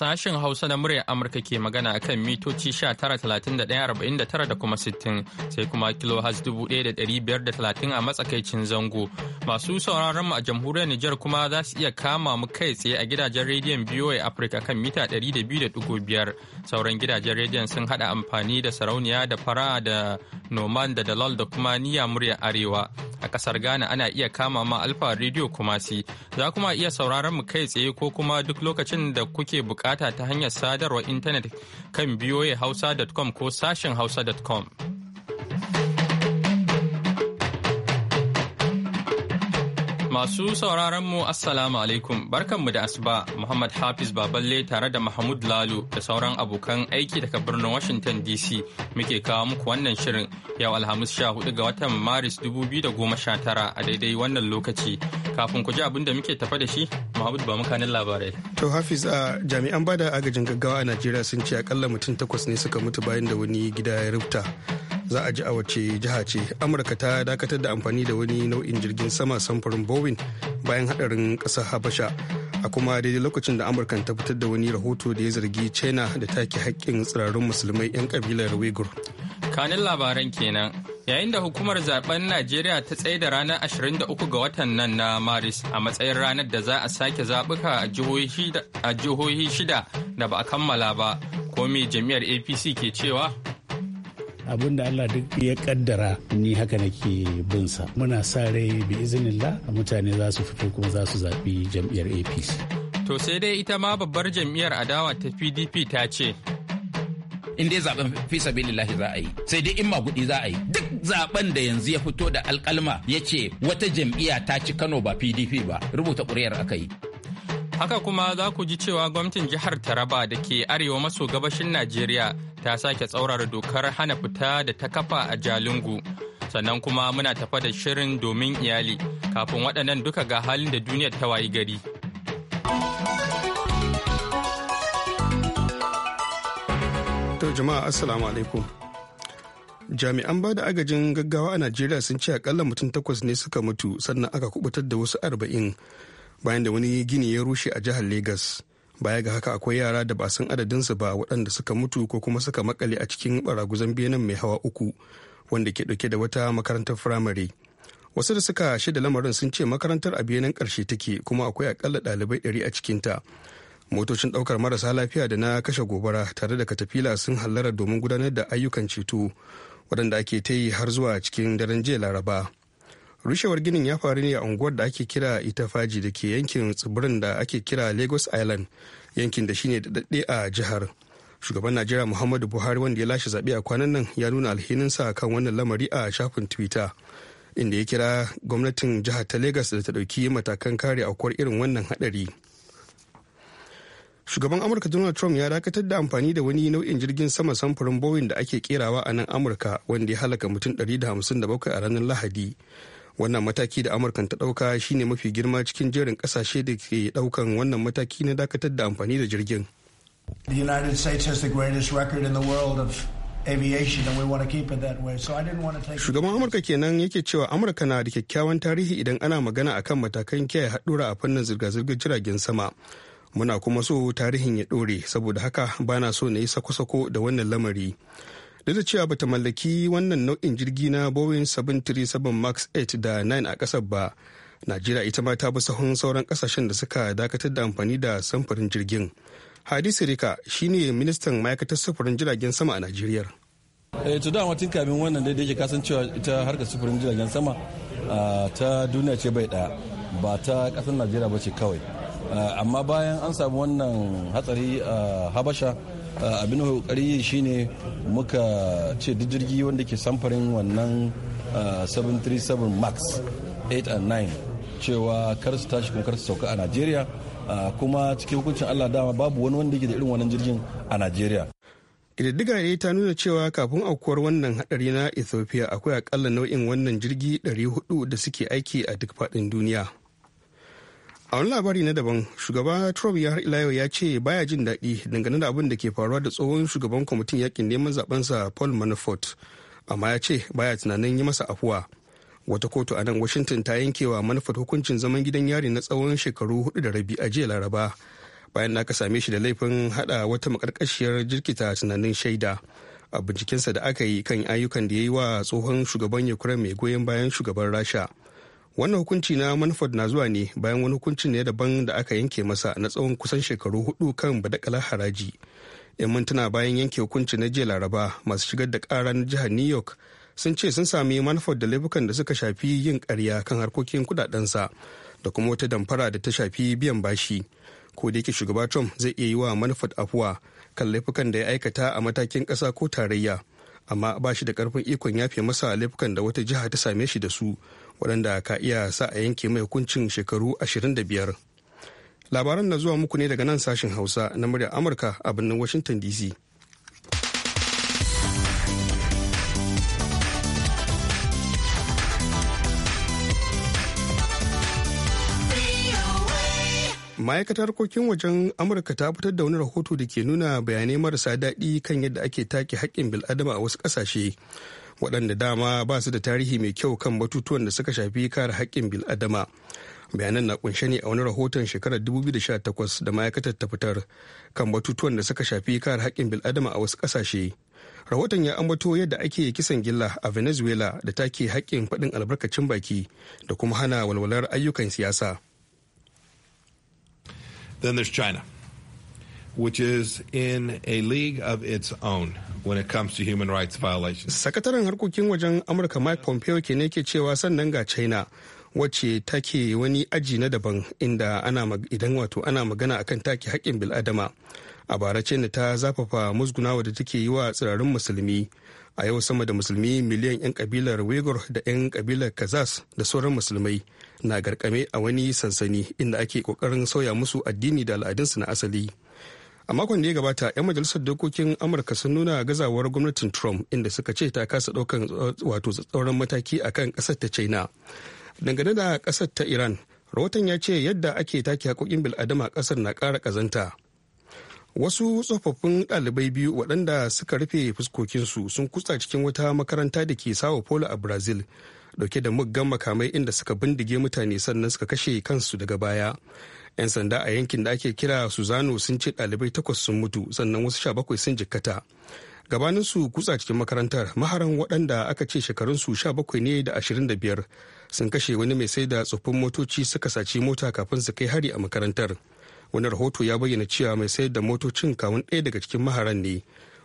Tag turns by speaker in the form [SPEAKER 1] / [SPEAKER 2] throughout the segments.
[SPEAKER 1] Sashen Hausa na muryar Amurka ke magana akan mitoci 19,31,49 da kuma 60 sai kuma kilohaz 1,530 a matsakaicin zango. Masu sauraron mu a jamhuriyar Nijar kuma za su iya kama mu kai tsaye a gidajen rediyon BOA Afirka kan mita 200.5 sauran gidajen rediyon sun hada amfani da sarauniya da fara da Noman da Dalal da kuma Niyya muryar Arewa. A kasar Ghana ana iya kama ma Alfa Radio Kumasi. Za kuma iya sauraron mu kai tsaye ko kuma duk lokacin da kuke buƙata. bukata ta hanyar sadarwar intanet kan voahausa.com ko sashen hausa.com. Masu sauraron mu Assalamu alaikum barkanmu da asuba Muhammad Hafiz Baballe tare da Mahmud Lalo da sauran abokan aiki daga birnin Washington DC muke kawo muku wannan shirin yau Alhamis 14 ga watan Maris 2019 a daidai wannan lokaci kafin ku ji abin da muke tafa da shi Mahmud ba mukanin labarai.
[SPEAKER 2] To Hafiz a jami'an bada agajin gaggawa a Najeriya sun ce akalla mutum takwas ne suka mutu bayan da wani gida ya rubuta. za a ji a wace jiha ce amurka ta dakatar da amfani da wani nau'in jirgin sama samfurin bowen bayan hadarin kasar habasha a kuma daidai lokacin da amurka ta fitar da wani rahoto da ya zargi china da take haƙƙin tsirarun musulmai 'yan kabilar Uighur.
[SPEAKER 1] kanin labaran kenan yayin da hukumar zaben najeriya ta tsaye da ranar 23 ga watan nan na maris a matsayin ranar da za a sake zabuka a jihohi shida da ba a kammala ba ko jami'ar apc ke cewa
[SPEAKER 2] abin da Allah duk ya kaddara ni haka nake bin sa muna sa rai bi izinillah mutane za su fito kuma za su zaɓi jam'iyyar APC
[SPEAKER 1] to sai dai ita ma babbar jam'iyyar adawa ta PDP ta ce in dai zaben fi sabilillahi za a yi sai dai in ma gudi za
[SPEAKER 3] a yi duk zaben da yanzu ya fito da alkalma ya ce wata jam'iyya ta ci Kano ba PDP ba rubuta ƙuri'ar aka yi
[SPEAKER 1] haka kuma za ku ji cewa gwamnatin jihar Taraba da ke arewa maso gabashin Najeriya ta sake tsaurara dokar hana fita da ta kafa a jalingu Sannan kuma muna tafa da shirin domin iyali kafin waɗannan duka ga halin da duniyar ta wayi gari.
[SPEAKER 2] To jama'a assalamu alaikum. Jami'an ba da agajin gaggawa a Najeriya sun ce akalla mutum takwas ne suka mutu sannan aka kubutar da wasu arba'in bayan da wani gini ya rushe a jihar Legas. baya ga haka akwai yara da ba san adadinsu ba waɗanda suka mutu ko kuma suka makale a cikin baraguzan benin mai hawa uku wanda ke ɗauke da wata makarantar firamare wasu da suka shida lamarin sun ce makarantar a benin ƙarshe take kuma akwai akalla ɗalibai ɗari a cikinta motocin ɗaukar marasa lafiya da na kashe gobara tare da katafila sun hallara domin gudanar da ayyukan ceto waɗanda ake ta yi har zuwa cikin daren jiya laraba rushewar ginin ya faru ne a unguwar da ake kira itafaji da ke yankin tsibirin da ake kira lagos island yankin da shine daɗaɗɗe a jihar shugaban najeriya muhammadu buhari wanda ya lashe zaɓe a kwanan nan ya nuna alhininsa kan wannan lamari a shafin twitter inda ya kira gwamnatin jihar ta lagos da ta ɗauki matakan kare aukuwar irin wannan haɗari shugaban amurka donald trump ya dakatar da amfani da wani nau'in jirgin sama samfurin boeing da ake kerawa a nan amurka wanda ya halaka mutum 157 a ranar lahadi wannan mataki da amurkan ta dauka shine mafi girma cikin jerin kasashe da ke daukan wannan mataki na dakatar da amfani da jirgin
[SPEAKER 4] The United States has the greatest record in
[SPEAKER 2] Shugaban Amurka kenan yake cewa Amurka na da kyakkyawan tarihi idan ana magana akan matakan kiyaye haɗura a fannin zirga-zirgar jiragen sama. Muna kuma so tarihin ya ɗore, saboda haka bana so na yi sako-sako da wannan lamari. duk da cewa bata mallaki wannan nau'in jirgi na boeing 737 max 8 da 9 a kasar ba najeriya ita ma ta bi sahun sauran kasashen da suka dakatar da amfani da samfurin jirgin hadisi rika shine ministan ma'aikatar sufurin jiragen sama a najeriya
[SPEAKER 4] eh to da tun kamin wannan daidai yake kasancewa ita harkar sufurin jiragen sama ta duniya ce bai daya ba ta kasar najeriya ba kawai amma bayan an samu wannan hatsari a habasha Eh, abin kokari shi shine muka ce duk jirgi wanda ke samfarin wannan 737 eh, max 8 and 9 cewa kar su tashi kuma kar su sauka a najeriya eh, kuma cikin hukuncin allah dama babu wani wanda ke da irin wannan jirgin a najeriya
[SPEAKER 2] ƙididdiga ne ta nuna cewa kafin aukuwar wannan hadari na ethiopia akwai akalla nau'in wannan jirgi 400 da suke aiki a duk faɗin duniya a wani labari na daban shugaba trump ya har yau ya ce baya jin daɗi dangane da abin da ke faruwa da tsohon shugaban kwamitin yakin neman zabensa paul manafort amma ya ce baya tunanin yi masa afuwa wata kotu a nan washington ta yankewa manafort hukuncin zaman gidan yari na tsawon shekaru hudu da rabi a jiya laraba bayan da aka same shi da laifin haɗa wata makarkashiyar jirkita tunanin shaida a bincikensa da aka yi kan ayyukan da ya yi wa tsohon shugaban ukraine mai goyon bayan shugaban rasha wannan hukunci na manford na zuwa ne bayan wani hukuncin ne daban da aka yanke masa na tsawon kusan shekaru hudu kan badakalar haraji yan mintuna bayan yanke hukunci na jiya laraba masu shigar da kara na jihar new york sun ce sun sami manford da laifukan da suka shafi yin karya kan harkokin kudadensa da kuma wata damfara da ta shafi biyan bashi ko da yake shugaba trump zai iya yi wa manford afuwa kan laifukan da ya aikata a matakin ƙasa ko tarayya amma ba shi da karfin ikon yafe masa laifukan da wata jiha ta same shi da su waɗanda ka iya sa a yanke mai hukuncin shekaru 25 labaran na zuwa muku ne daga nan sashen hausa na muryar amurka a birnin washington dc ma'aikatar harkokin wajen amurka ta fitar da wani rahoto da ke nuna bayanai marasa daɗi kan yadda ake take haƙƙin bil'adama a wasu ƙasashe waɗanda dama ba su da tarihi mai kyau kan batutuwan da suka shafi kare haƙƙin bil'adama bayanan na kunshe ne a wani rahoton shekarar 2018 da ma'aikatar ta fitar kan batutuwan da suka shafi kare haƙƙin bil'adama a wasu ƙasashe rahoton ya ambato yadda ake kisan gilla a venezuela da take haƙƙin faɗin albarkacin baki da kuma hana walwalar ayyukan siyasa Then there's China. which is in a league of its own when it comes to human rights violations. Sakataren harkokin wajen Amurka Mike Pompeo ke ne ke cewa sannan ga China wacce take wani aji na daban inda ana idan wato ana magana akan take haƙƙin bil'adama. A bara China ta zafafa musgunawa da take yi wa tsirarin musulmi. A yau sama da musulmi miliyan 'yan kabilar Uyghur da 'yan kabilar Kazas da sauran musulmai na garkame a wani sansani inda ake kokarin sauya musu addini da al'adunsu na asali. a makon da ya gabata 'yan majalisar dokokin amurka sun nuna gazawar gwamnatin trump inda suka ce ta kasa daukan eh, wato tsauran mataki akan kasar ta china dangane da kasar ta iran rahoton ya ce yadda ake take haƙoƙin bil'adama kasar na ƙara ƙazanta wasu tsofaffin ɗalibai biyu waɗanda suka rufe fuskokinsu sun kutsa cikin wata makaranta da ke sawa polo a brazil dauke da muggan makamai inda suka bindige mutane sannan suka kashe kansu daga baya 'yan sanda a yankin da ake kira suzano sun ce ɗalibai takwas sun mutu sannan wasu sha bakwai sun jikkata gabanin su kutsa cikin makarantar maharan waɗanda aka ce shekarunsu sha bakwai ne da ashirin da biyar sun kashe wani mai sai da tsoffin motoci suka saci mota kafin su kai hari a makarantar wani rahoto ya bayyana cewa mai sayar da motocin kawun ɗaya daga cikin maharan ne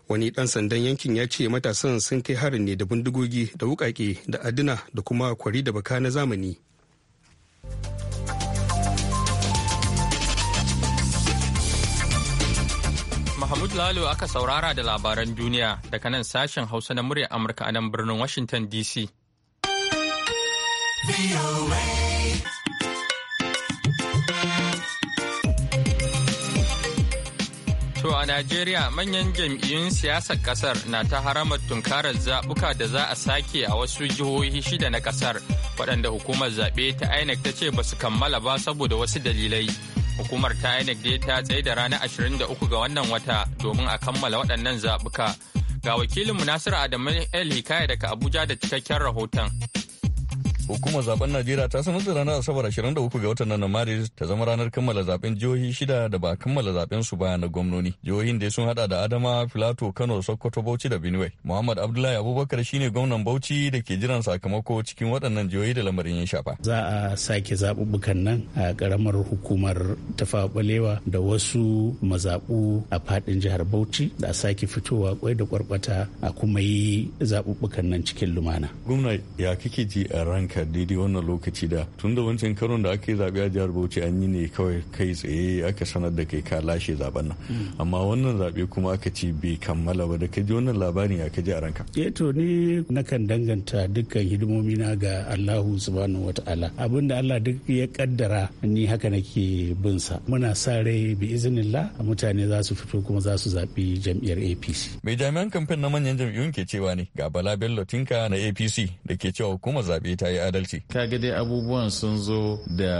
[SPEAKER 2] wani ɗan sandan yankin ya ce matasan sun kai harin ne da bindigogi da wukake da adina da kuma kwari da baka na zamani
[SPEAKER 1] Mahmud Lalo aka saurara da labaran duniya daga nan sashen Hausa na muryar Amurka a nan birnin Washington DC. To a Najeriya manyan jam'iyyun siyasar kasar na ta haramar tunkarar zaɓuka da za a sake a wasu jihohi shida na kasar waɗanda hukumar zaɓe ta INEC ta ce ba su kammala ba saboda wasu dalilai. Hukumar ta INEC nagde ta tsaye da ranar 23 ga wannan wata domin a kammala waɗannan zabuka Ga wakilinmu Nasiru Adamu El Hikaya daga Abuja da cikakken rahoton.
[SPEAKER 4] Hukumar zaben Najeriya ta sanar da ranar Asabar 23 ga watan nan Maris ta zama ranar kammala zaben jihohi shida da ba kammala zaben su ba na gwamnoni. Jihohin da sun hada da Adama, Filato, Kano, Sokoto, Bauchi da Benue. Muhammad Abdullahi Abubakar shine gwamnan Bauchi da ke jiran sakamako cikin waɗannan jihohi da lamarin ya shafa.
[SPEAKER 3] Za a sake zaɓuɓɓukan nan a ƙaramar hukumar tafabalewa da wasu mazaɓu a faɗin jihar Bauchi da a sake fitowa kwai da kwarkwata a kuma yi zaɓuɓɓukan nan cikin lumana.
[SPEAKER 4] Gwamna ya kike ji a ranka ka daidai wannan lokaci da tun da wancan karon da aka yi zaɓe a jihar Bauchi an yi ne kawai kai tsaye aka sanar da kai ka lashe zaɓen nan mm. amma wannan zaɓe kuma aka ci bai kammala ba da ka ji wannan labarin ya ka ji a ranka. e
[SPEAKER 2] to ni nakan
[SPEAKER 3] danganta dukkan hidimomi na ga Allahu subhanahu wa ta'ala abinda Allah duk ya kaddara ni haka nake bin sa muna sa rai bi iznillah mutane za su fito kuma za su
[SPEAKER 2] zaɓi jam'iyyar APC.
[SPEAKER 4] Mai jami'an kamfen na manyan jam'iyyun ke cewa ne ga Bala Bello Tinka na APC da ke cewa kuma zaɓe ta yi adalci kaga dai abubuwan sun zo da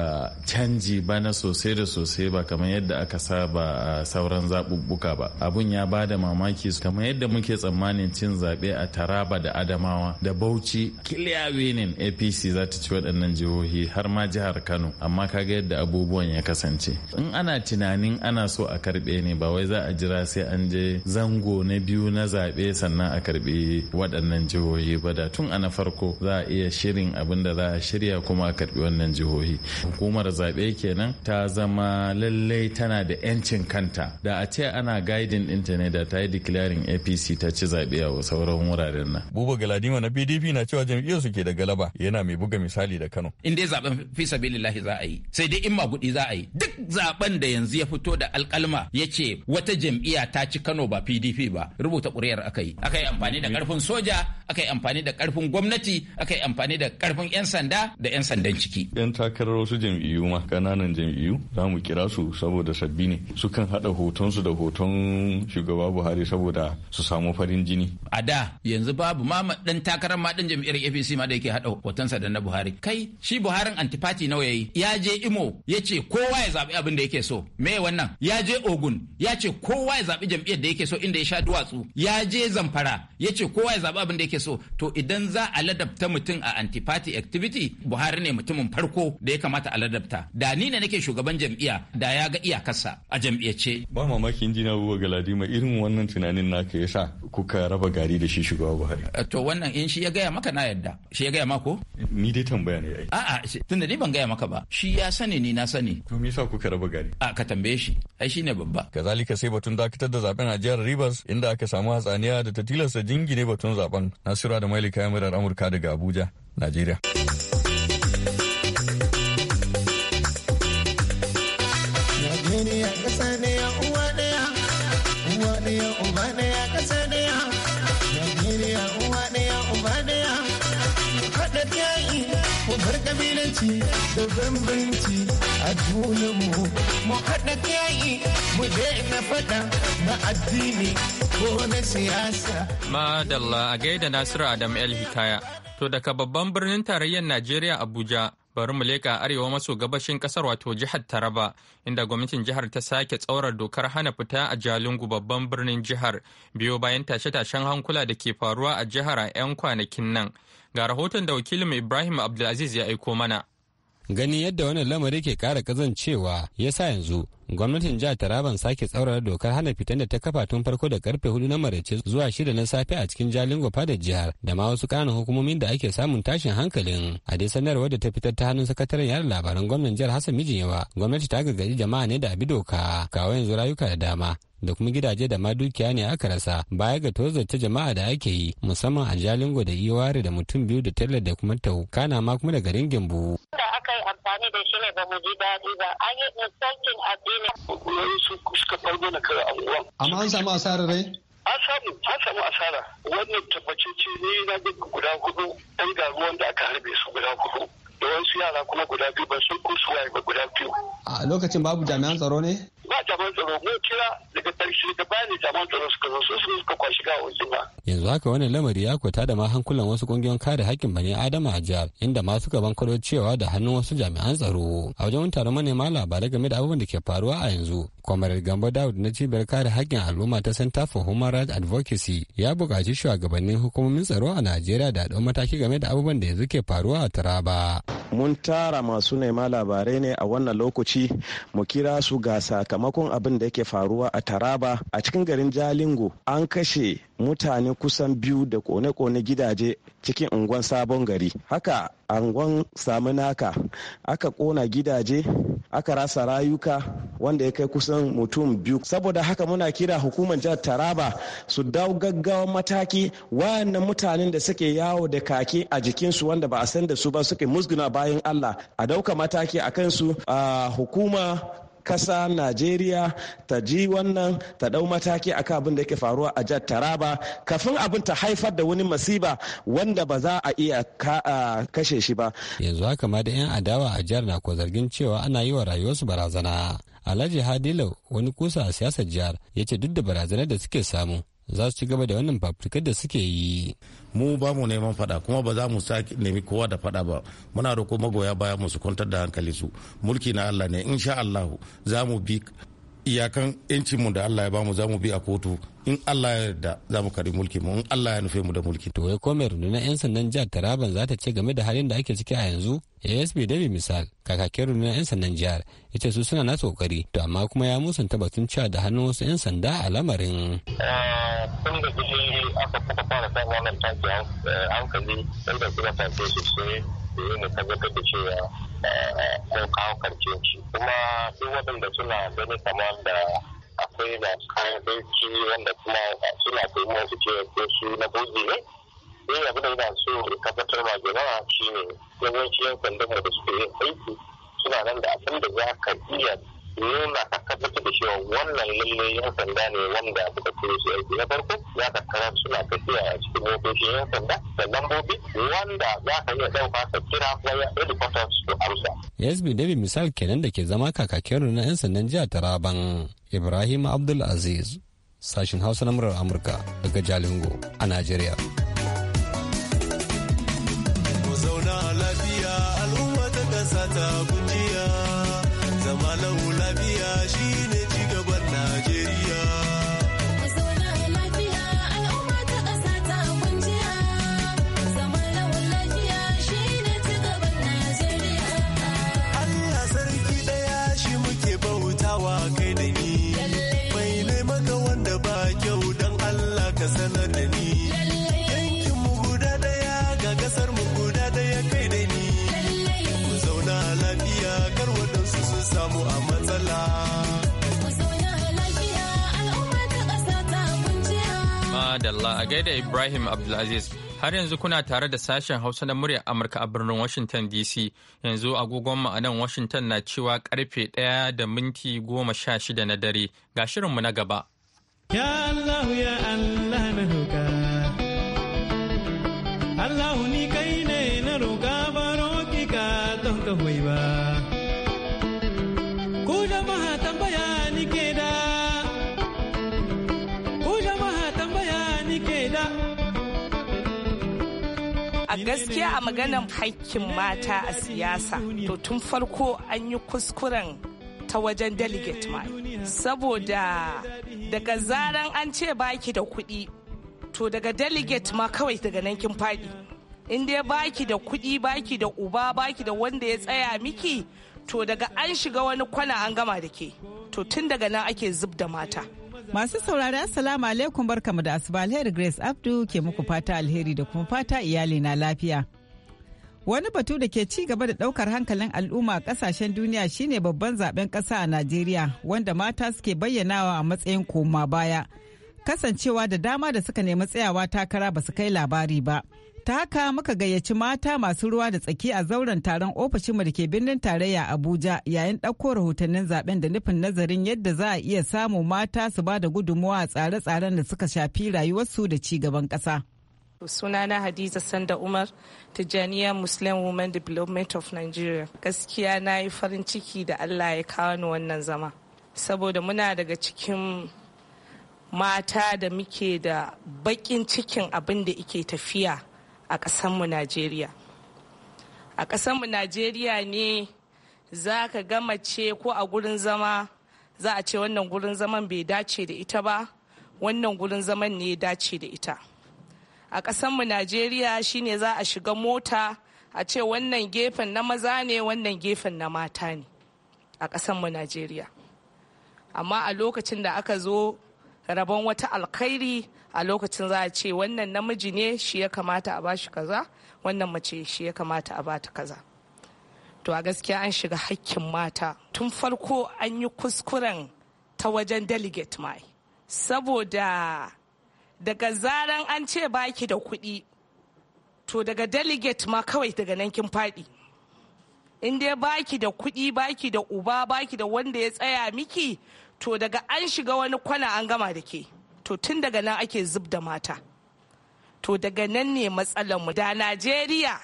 [SPEAKER 3] canji bana sosai da sosai ba kamar yadda aka saba a sauran zaɓuɓɓuka ba abun ya ba da mamaki kamar yadda muke tsammanin cin zaɓe a taraba da adamawa da bauchi clear winning apc za ta ci waɗannan jihohi har ma jihar kano amma kaga yadda abubuwan ya kasance in ana tunanin ana so a karɓe ne ba wai za a jira sai an je zango na biyu na zaɓe sannan a karɓi waɗannan jihohi ba da tun ana farko za a iya shirin abin abin da za a shirya kuma a karbi wannan jihohi hukumar zaɓe kenan ta zama lallai tana da 'yancin kanta da a ce ana gaidin ɗinta ne da ta yi declaring apc ta ci zaɓe a sauran wuraren nan
[SPEAKER 4] buba galadima na pdp na cewa jam'iyyar su ke da galaba yana mai buga misali da kano in dai zaben fi sabilillahi za a yi sai
[SPEAKER 3] dai in magudi za a yi duk zaben da yanzu ya fito da alkalma ya ce wata jam'iyya ta ci kano ba pdp ba rubuta ƙuri'ar aka yi aka yi amfani da ƙarfin soja aka yi amfani da ƙarfin gwamnati aka yi amfani da ƙarfin tsakanin 'yan sanda da 'yan sandan ciki.
[SPEAKER 4] 'Yan takarar wasu jam'iyyu ma kananan jam'iyyu za mu kira su saboda sabbi ne sukan haɗa hotonsu da hoton shugaba Buhari saboda su samu farin jini.
[SPEAKER 3] A da yanzu babu ma ɗan takarar ma ɗan jam'iyyar APC ma da yake haɗa hotonsa da na Buhari. Kai shi Buharin antifati nawa yayi ya je Imo ya ce kowa ya zaɓi abin da yake so. Me wannan ya je Ogun ya ce kowa ya zaɓi jam'iyyar da yake so inda ya sha duwatsu ya je Zamfara ya ce kowa ya zaɓi abin da yake so to idan za a ladabta mutum a antifati activity buhari ne mutumin farko da ya kamata a ladabta da ni ne nake shugaban jam'iyya da ya ga iyakarsa
[SPEAKER 4] a jam'iyyace ba mamakin jina abubuwa galadima irin wannan tunanin naka yasa kuka raba gari da shi shugaba buhari eh, to wannan in shi ya gaya maka na yadda shi ya gaya mako ni dai tambaya ne ai a'a tunda ni ban gaya maka ba shi ya sani ni na sani to me yasa kuka raba gari a ka tambaye shi ai shine babba kazalika sai batun dakatar da zaben a jihar Rivers inda aka samu hatsaniya da ta tilasta jingine batun zaben Nasira da Mailika murar Amurka daga Abuja najeriya
[SPEAKER 5] Najeriya ƙasa ɗaya uwa ɗaya, uwa
[SPEAKER 6] ɗaya uba ɗaya ƙasa Najeriya uwa ɗaya mu haɗa yayi mu bar ƙabilanci da bambanci
[SPEAKER 7] a junanmu. Mu haɗa yayi mu daina faɗa na
[SPEAKER 1] addini ko siyasa. Madalla a gaida Nasiru adamu El Hikaya. To daga babban birnin tarayyar Najeriya Abuja bari mu leƙa arewa maso gabashin ƙasar wato jihar Taraba inda gwamnatin jihar ta sake tsaurar dokar hana fita a Jalingu babban birnin jihar biyo bayan tashe-tashen hankula da ke faruwa a jihar a 'yan kwanakin nan. Ga rahoton da wakilin Ibrahim Abdulaziz ya aiko mana.
[SPEAKER 6] gani yadda wannan lamari ke kara kazancewa ya sa yanzu gwamnatin jihar taraban sake tsaurara dokar hana fitan da ta kafa tun farko da karfe hudu na maraice zuwa shida na safe a cikin jalingo da jihar da ma wasu ƙananan hukumomin da ake samun tashin hankalin a dai sanarwar da ta fitar ta hannun sakataren yada labaran gwamnan jihar hassan mijinyawa gwamnati ta gargaɗi jama'a ne da abi doka kawo yanzu rayuka da dama da kuma gidaje da ma dukiya ne aka rasa baya ga tozarta jama'a da ake yi musamman a jalingo da iware da mutum biyu da tallar da kuma taukana ma kuma da garin gembu.
[SPEAKER 7] da aka yi amfani da shi ne ba mu ji daɗi ba an yi insulting addini. su suka fargo na kai anguwan.
[SPEAKER 2] amma an samu asarar rai.
[SPEAKER 7] an samu an samu asara wannan tabbacin ce ne na guda hudu ɗan garuwan da aka harbe su guda hudu. da wasu
[SPEAKER 6] yara kuma guda biyu ba sun kusuwa ba guda biyu. a lokacin babu jami'an tsaro ne? ba jaman tsaro ko kira
[SPEAKER 7] daga da
[SPEAKER 6] tsaro suka zo su suka kwashi gawawakin ba. yanzu haka wani lamari ya kwata da ma hankulan wasu kungiyoyin kare hakkin bani adama a jihar inda ma suka bankaro cewa da hannun wasu jami'an tsaro a wajen taron manema labarai game da abubuwan da ke faruwa a yanzu kwamarar gambo dawud na cibiyar kare hakkin al'umma ta center for human rights advocacy ya buƙaci shugabannin hukumomin tsaro a najeriya da ɗau mataki game da abubuwan da yanzu ke faruwa a taraba.
[SPEAKER 7] mun tara masu nema labarai ne a wannan lokaci mu kira su ga sakamako sakamakon abin da yake faruwa a taraba a cikin garin jalingo an kashe mutane kusan biyu da kone-kone gidaje cikin unguwan sabon gari haka angon samunaka aka kona gidaje aka rasa rayuka wanda ya kai kusan mutum biyu saboda haka muna kira hukumar jihar taraba su dawo gaggawan mataki wayannan mutanen da suke yawo da kake a jikinsu wanda ba a san da su ba suke musguna bayan allah a dauka mataki a kansu a hukuma kasa najeriya ta ji wannan ta dau mataki akan abin da yake faruwa a jihar taraba kafin abin ta haifar da wani masiba wanda ba za a
[SPEAKER 6] iya kashe shi ba yanzu haka ma da yan adawa a jihar na ko zargin cewa ana yi wa rayuwarsu barazana alhaji hadilau wani kusa a siyasar jihar ya ce duk da barazanar da suke samu za su ci gaba da wannan fafutukar da suke yi mu ba mu neman fada kuma ba
[SPEAKER 3] za mu sake nemi kowa da fada ba muna roƙo magoya baya mu su kwantar da hankali su mulki na Allah ne insha Allah za mu bi iyakan yancin mu da Allah ya bamu za mu bi a kotu
[SPEAKER 6] in Allah ya yarda za mu kari mulki mu in Allah ya nufe mu da mulki to ya kome rundunar yan sandan jihar Taraban za ta ce game da halin da ake ciki a yanzu asb david misal kakakin rundunar 'yan sandan jihar ya ce su suna na kokari to amma kuma ya musanta batun cewa da hannun wasu 'yan sanda a lamarin
[SPEAKER 4] ah, tun da gudu aka kuka fara sa wannan hankali eh, tun da kuma tanke su sai da yi mu tabbatar da cewa eh, kawo karshen shi kuma duk waɗanda suna gani kamar da akwai da kayan wanda kuma suna kai masu cewa ko su na bozi ne sai eh, abu da ina so tabbatar ma jama'a shine yawanci yan sandan da suke yin aiki suna nan da abin da za ka iya nuna ka tabbatar da cewa wannan lalle yan sanda ne wanda suka turo su aiki na farko ya karkara suna tafiya a cikin motocin yan sanda da lambobi wanda za ka iya ɗauka ka kira waya ya helicopter su
[SPEAKER 6] amsa. yasbi dabi misal kenan da ke zama kakakin na yan sandan jihar taraban ibrahim abdulaziz sashen sashin hausa na murar amurka daga jalingo a najeriya. ta kujiya zama lau lafiya shine
[SPEAKER 1] Dalla a gaida Ibrahim Abdulaziz. Har yanzu kuna tare da sashen Hausa na muryar Amurka a birnin Washington DC. Yanzu agogon mu a nan Washington na cewa karfe ɗaya da minti goma sha shida na dare. Ga shirin mu na gaba.
[SPEAKER 2] Ya
[SPEAKER 6] Allah ya Allah na roƙa. Allah ni kai ne na roƙa baro ki ka don ka ba.
[SPEAKER 5] gaskiya a maganar haƙƙin mata a siyasa to tun farko an yi kuskuren ta wajen delegate ma saboda daga zaran an ce baki da kuɗi to daga delegate ma kawai daga nan kin faɗi in dai baki da kuɗi baki da uba baki da wanda ya tsaya miki to daga an shiga wani kwana an gama da ke to tun daga nan ake zub da mata
[SPEAKER 8] Masu saurari Assalamu alaikum barkamu da asuba alheri Grace Abdu ke muku fata alheri da kuma fata iyali na lafiya. Wani batu da ke ci gaba da daukar hankalin al'umma a kasashen duniya shine babban zaben kasa a Najeriya wanda mata suke bayyanawa a matsayin koma baya kasancewa da dama da suka nemi tsayawa takara ba su kai labari ba. ta haka muka gayyaci mata masu ruwa da tsaki a zauren taron ofishinmu da ke birnin tarayya abuja yayin ɗauko rahotannin zaben da nufin nazarin yadda za a iya samu mata su ba da gudunmuwa a tsare-tsaren da suka shafi rayuwarsu da ci gaban ƙasa.
[SPEAKER 5] sunana hadiza sanda umar tijaniya muslim women development of nigeria gaskiya na yi farin ciki da allah ya kawo ni wannan zama saboda muna daga cikin mata da muke da bakin cikin abin da ike tafiya a ƙasanmu najeriya a ƙasanmu najeriya ne za ka gama ce ko a gurin zama za a ce wannan gurin zaman bai dace da ita ba wannan gurin zaman ne ya dace da ita a ƙasanmu najeriya shine za a shiga mota a ce wannan gefen na maza ne wannan gefen na mata ne a ƙasanmu najeriya amma a lokacin da aka zo rabon wata alkhairi a lokacin za a ce wannan namiji ne shi ya kamata a bashi kaza wannan mace shi ya kamata a bata kaza to a gaskiya an shiga hakkin mata tun farko an yi kuskuren ta wajen delegate mai saboda daga zaran an ce baki da kuɗi to daga delegate ma kawai daga nan kin faɗi in dai baki da kuɗi baki da uba baki da wanda ya tsaya miki to daga an shiga wani kwana an gama da ke to tun daga nan ake zub da mata to daga nan ne mu da najeriya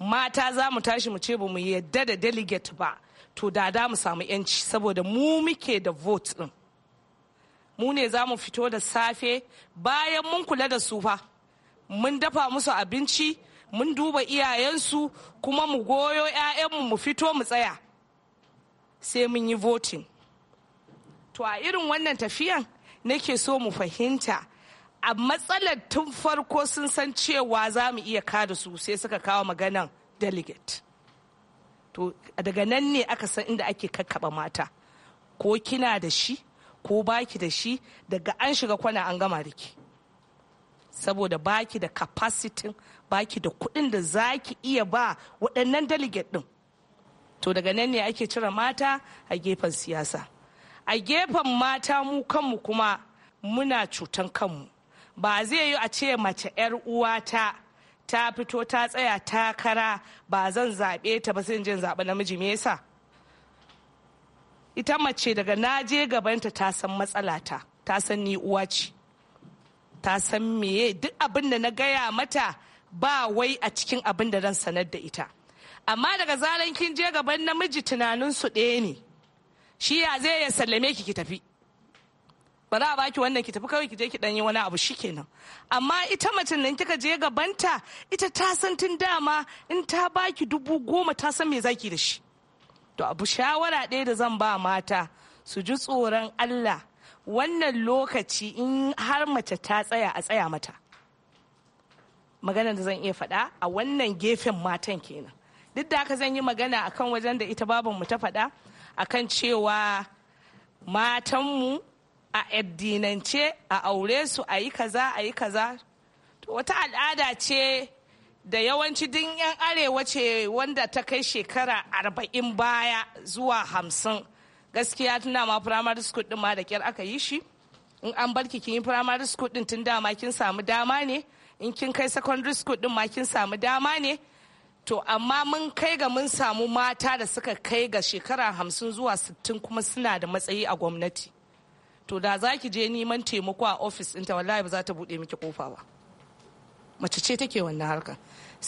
[SPEAKER 5] mata za mu tashi mu ce ba mu yadda da delegate ba to da da mu samu yanci saboda mu muke da vote din mu ne za mu fito da safe bayan mun kula da su fa mun dafa musu abinci mun duba iyayensu kuma mu goyo 'ya'yanmu mu fito mu tsaya sai mun yi voting to a irin wannan tafiyan nake so mu fahimta a matsalar tun farko sun san cewa za mu iya kada su sai suka kawo maganan delegate to daga nan ne aka san inda ake kakkaba mata ko kina da shi ko baki da shi daga an shiga kwana an gama da saboda baki da capacity baki da kuɗin da za ki iya ba waɗannan delegate ɗin to daga nan ne ake cire mata a gefen siyasa a gefen mata mu kanmu kuma muna cutan kanmu ba zai yi a ce mace 'yar uwata ta fito ta tsaya takara ba zan zaɓe ta ba sai jin zaɓi namiji me yasa ita mace daga na je gabanta ta san matsalata ta san ni uwa ce ta san meye duk abin da na gaya mata ba wai a cikin abin da zan sanar da ita amma daga zaran kin je gaban namiji tunanin su ɗaya ne shi ya zai ya sallame ki ki tafi ba za a baki wannan ki tafi kawai ki je ki danyi yi wani abu shi kenan amma ita mutum nan kika je gabanta ita ta san tun dama in ta baki dubu goma ta san me zaki da shi to abu shawara ɗaya da zan ba mata su ji tsoron Allah wannan lokaci in har mace ta tsaya a tsaya mata magana da zan iya faɗa a wannan gefen matan kenan duk da haka zan yi magana akan wajen da ita babanmu ta faɗa akan cewa matanmu a addinance a aure su a yi kaza a yi kaza to wata al'ada ce da yawanci din 'yan arewa ce wanda ta kai shekara arba'in baya zuwa hamsin gaskiya tuna ma primary school din ma da kyar aka yi shi in an barki kin yi primary school din tun dama kin samu dama ne in kin kai secondary school din ma kin samu dama ne to amma mun kai ga mun samu mata da suka kai ga shekara hamsin zuwa sittin kuma suna da matsayi a gwamnati to da za ki je neman taimako a ofis ɗinta wallahi ba za ta buɗe miki kofa ba mace ce take wannan harka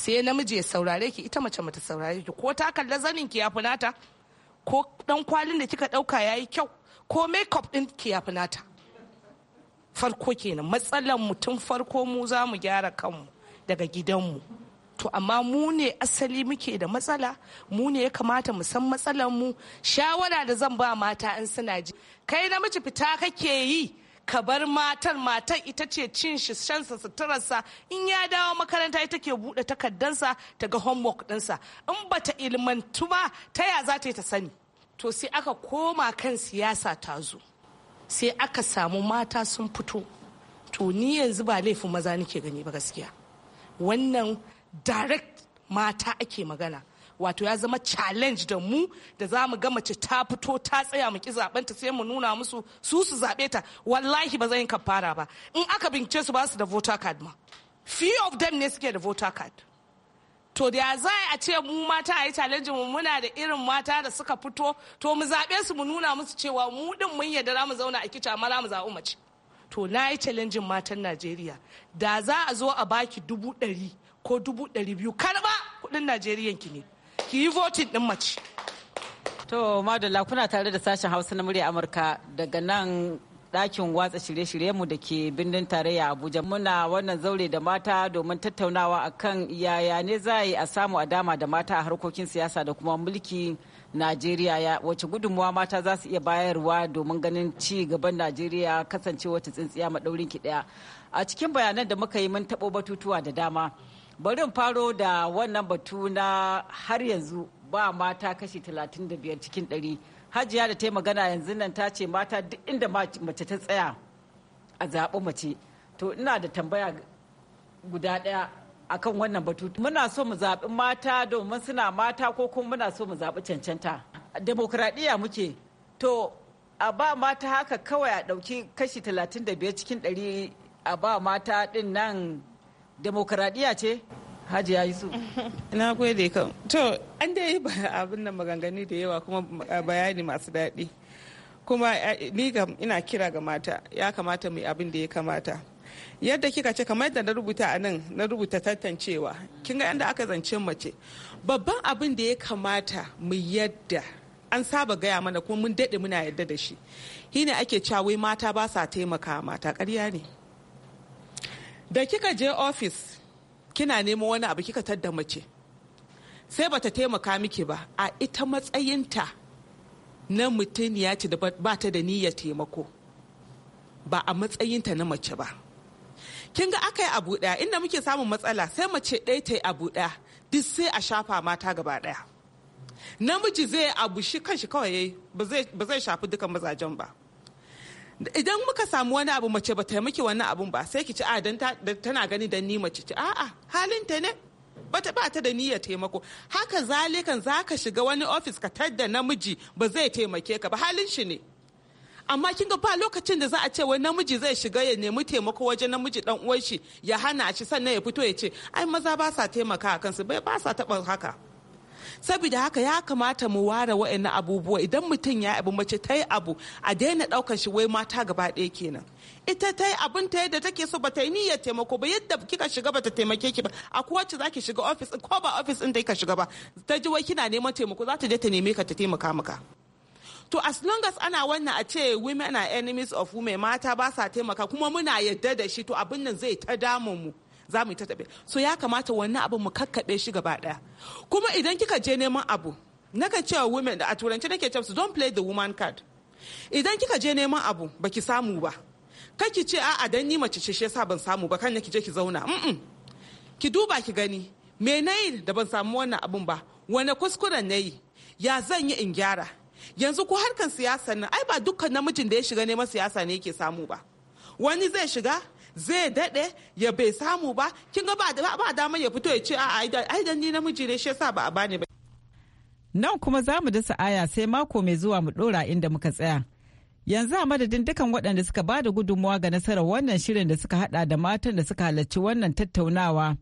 [SPEAKER 5] sai namiji ya saurare ki ita mace mata saurare ki ko ta kalla zanin ki ya nata ko dan kwalin da kika dauka yayi kyau ko makeup din ki ya nata farko kenan matsalan mu tun farko mu za mu gyara kanmu daga gidanmu to amma mu ne asali muke da matsala mu ne ya kamata mu san matsalar mu shawara da zan ba mata in suna ji kai namiji fita kake yi ka bar matar matar ita ce cin shi suturar suturarsa in ya dawo makaranta ita ke buɗe takardansa ta ga homework ɗinsa in bata ilmantu ba ta ya za ta yi ta sani to sai aka koma kan siyasa ta zo sai aka samu mata sun fito to ni yanzu ba laifin maza nake gani ba gaskiya wannan direct mata ake magana wato ya zama challenge da mu da za mu ga mace ta fito ta tsaya mu ki sai mu nuna musu su su zaɓe ta wallahi ba zan yi kafara ba in aka bincike su ba su da voter card ma few of them ne suke da voter card to da za a ce mu mata a yi challenge mu muna da irin mata da suka fito to mu zaɓe su mu nuna musu cewa mu din mun yarda mu zauna a kica amma mu zaɓi mace to na yi challenge matan Najeriya da za a zo a baki dubu ɗari ko dubu ɗari biyu karɓa kuɗin najeriyan ki ne ki yi votin ɗin mace to madalla kuna
[SPEAKER 8] tare da sashen hausa na murya amurka daga nan ɗakin watsa shirye mu da ke birnin tarayya abuja muna wannan zaure da mata domin tattaunawa akan yaya ne za a samu a dama da mata a harkokin siyasa da kuma mulki najeriya ya wace gudunmuwa mata za su iya bayarwa domin ganin ci gaban najeriya kasancewa ta tsintsiya maɗaurin ki ɗaya a cikin bayanan da muka yi mun taɓo batutuwa da dama bari in faro da wannan batu na har yanzu ba mata kashi 35 cikin 100 hajiya da ta yi magana yanzu nan ta ce mata duk inda mace ta tsaya a zaɓi mace to ina da tambaya guda ɗaya akan wannan batu muna so mu zaɓi mata domin suna mata ko kuma muna so mu zaɓi cancanta demokradiyya muke to a ba mata haka kawai a ɗauki kashi 35 cikin 100 a ba mata ɗin nan demokradiya ce hajiya yi su
[SPEAKER 7] na gode ka to an dai yi abin da maganganu da yawa kuma bayani masu daɗi kuma eh, ni ga ina kira ga mata ya kamata mu abin da ya kamata yadda kika ce kamar yadda na rubuta a nan na rubuta tantancewa kin ga yadda aka zance mace babban abin da ya kamata mu yadda an saba gaya mana kuma mun daɗe muna yadda da shi shine ake cewa wai mata ba sa taimaka mata karya ne da kika je ofis kina nemo wani abu kika tadda mace sai bata taimaka miki ba a ita matsayinta na ya ce da ba ta da niyyar taimako ba a matsayinta na mace ba kin ga aka yi abu ɗaya inda muke samun matsala sai mace ɗaya ta yi abu ɗaya duk sai a shafa mata gaba ɗaya namiji zai abu shi kanshi kawai ba zai shafi dukan mazajen ba idan muka samu wani abu mace ba taimaki wani abun ba sai ki ci ah, a dan tana gani dan ni mace ci a'a halin ta ne bata ba ta da niyyar taimako haka zalikan zaka shiga wani ofis ka tadda namiji ba zai taimake ka ba halin shi ne amma kinga ba lokacin da za a ce wani namiji zai shiga ya nemi taimako wajen namiji dan uwan shi ya hana shi sannan ya fito ya ce ai maza ba sa taimaka kansu bai ba sa taba haka saboda haka ya kamata mu ware wa'annan abubuwa idan mutum ya abu mace ta yi abu a daina ɗaukar shi wai mata gaba ɗaya kenan ita ta yi abin ta yadda take so ba ta yi niyyar taimako ba yadda kika shiga ba ta taimake ki ba a kowace za ki shiga ofis ko ba ofis ɗin da ka shiga ba ta ji wai kina neman taimako za ta je ta neme ka ta taimaka maka to as long as ana wannan a ce women are enemies of women mata ba sa taimaka kuma muna yadda da shi to abin nan zai ta damun mu za mu yi ta tabe so ya kamata wani abin mu kakkaɓe shi gaba ɗaya kuma idan kika je neman abu nakan cewa women a turanci nake cewa don't play the woman card idan kika je neman abu baki samu ba ki ce a'a dan ni mace ce shi yasa ban samu ba kan ki je ki zauna mm ki duba ki gani me nayi da ban samu wannan abun ba wani kuskuren nayi ya zan yi in gyara yanzu ko harkan siyasa nan ai ba dukkan namijin da ya shiga neman siyasa ne yake samu ba wani zai shiga zai daɗe ya bai samu ba kin ga ba dama ya fito ya ce a ai ni namiji ne shi yasa ba a bani ba
[SPEAKER 8] nan kuma za mu dasa aya sai mako mai zuwa mu ɗora inda muka tsaya yanzu a madadin dukan waɗanda suka ba da gudunmawa ga nasarar wannan shirin da suka haɗa da matan da suka halarci wannan tattaunawa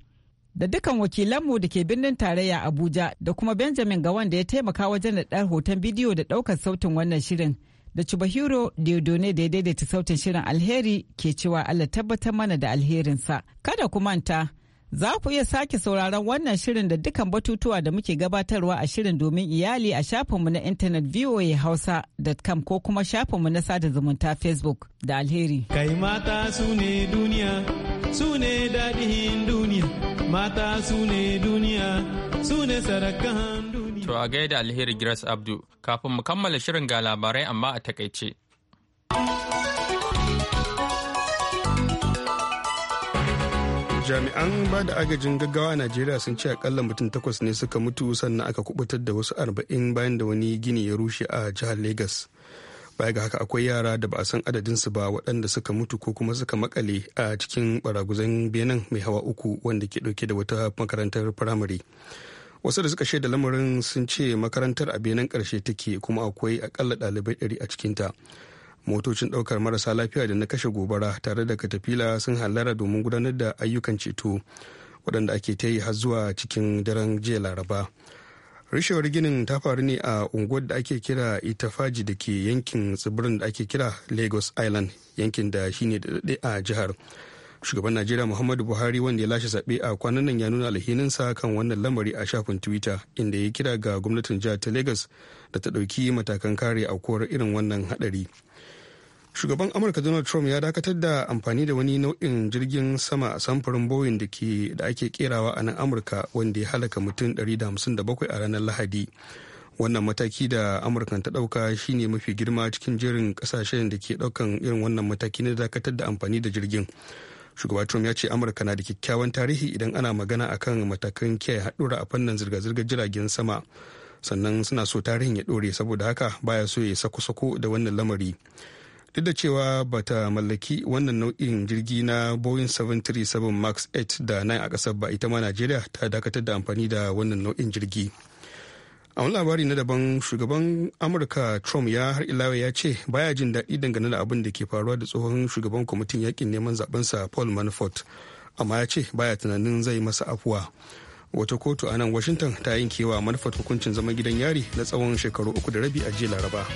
[SPEAKER 8] da dukan wakilanmu da ke birnin tarayya abuja da kuma benjamin ga wanda ya taimaka wajen da hoton bidiyo da ɗaukar sautin wannan shirin da Chubahiro Diodone da ya daidaita sautin shirin alheri ke cewa Allah tabbatar mana da alherinsa. Kada ku manta, za ku iya sake sauraron wannan shirin da dukkan batutuwa da muke gabatarwa a shirin domin iyali a shafinmu na intanet voahausa.com ko kuma shafinmu na sada zumunta Facebook da
[SPEAKER 6] alheri. Kai mata su ne duniya, su ne daɗin duniya, mata su ne duniya, su ne sarakan
[SPEAKER 1] duniya. To a gaida alheri Grace Abdu, kafin mu kammala shirin ga labarai amma a takaice.
[SPEAKER 2] jami'an ba da agajin gaggawa a najeriya sun ce akalla mutum takwas ne suka mutu sannan aka kubutar da wasu arba'in bayan da wani gini ya rushe a jihar legas baya ga haka akwai yara da ba a san adadinsu ba waɗanda suka mutu ko kuma suka makale a cikin baraguzan benin mai hawa uku wanda ke ɗauke da wata makarantar firamare wasu da suka shaida lamarin sun ce makarantar a benin karshe take kuma akwai akalla ɗalibai ɗari a cikinta motocin ɗaukar marasa lafiya da na kashe gobara tare da katafila sun hallara domin gudanar da ayyukan ceto waɗanda ake ta yi har zuwa cikin daren jiya laraba rishewar ginin ta faru ne a unguwar da ake kira itafaji da ke yankin tsibirin da ake kira lagos island yankin da shine da daɗe a jihar shugaban najeriya muhammadu buhari wanda ya lashe zaɓe a kwanan nan ya nuna alhininsa kan wannan lamari a shafin twitter inda ya kira ga gwamnatin jihar ta lagos da ta ɗauki matakan kare aukuwar irin wannan haɗari shugaban amurka donald trump ya dakatar da amfani da wani nau'in jirgin sama a samfurin boeing da ake kerawa a nan amurka wanda ya halaka mutum 157 a ranar lahadi wannan mataki da amurkan ta dauka shine mafi girma cikin jerin kasashen da ke daukan irin wannan mataki na dakatar da amfani da jirgin shugaba trump ya ce amurka na da kyakkyawan tarihi idan ana magana a kan matakan kiyaye haɗura a fannin zirga-zirgar jiragen sama sannan suna so tarihin ya ɗore saboda haka baya so ya sako-sako da wannan lamari duk da cewa bata mallaki wannan nau'in jirgi na boeing 737 max 8 da 9 a ƙasar ba ita ma najeriya ta dakatar da amfani da wannan nau'in jirgi. a wani labari na daban shugaban amurka trump ya har ilawa ya ce baya jin daɗi dangane da abin da ke faruwa da tsohon shugaban kwamitin yakin neman zabensa paul manafort amma ya ce baya tunanin zai masa afuwa wata kotu a nan washington ta yankewa manafort hukuncin zama gidan yari na tsawon shekaru uku da rabi a jiya laraba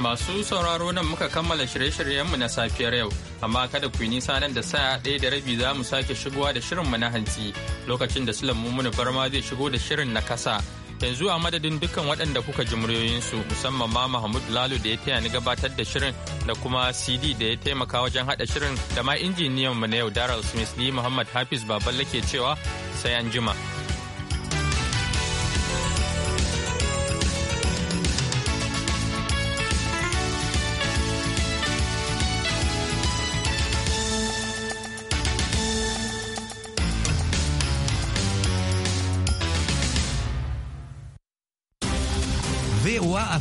[SPEAKER 1] Masu sauraro nan muka kammala shirye-shiryenmu na safiyar yau, amma kada ku yi nisa nan da sa'a ɗaya da rabi za mu sake shigowa da shirinmu na hanci lokacin da Sulaimu Mumunu Barma zai shigo da shirin na kasa yanzu a madadin dukkan waɗanda kuka ji muryoyinsu musamman ma Mahmud lalu da ya taya ni gabatar da shirin da kuma CD da ya taimaka wajen haɗa shirin da ma injiniyan mu na yau Daryl Smith ni Muhammad Hafiz Baballe ke cewa sai anjima. jima.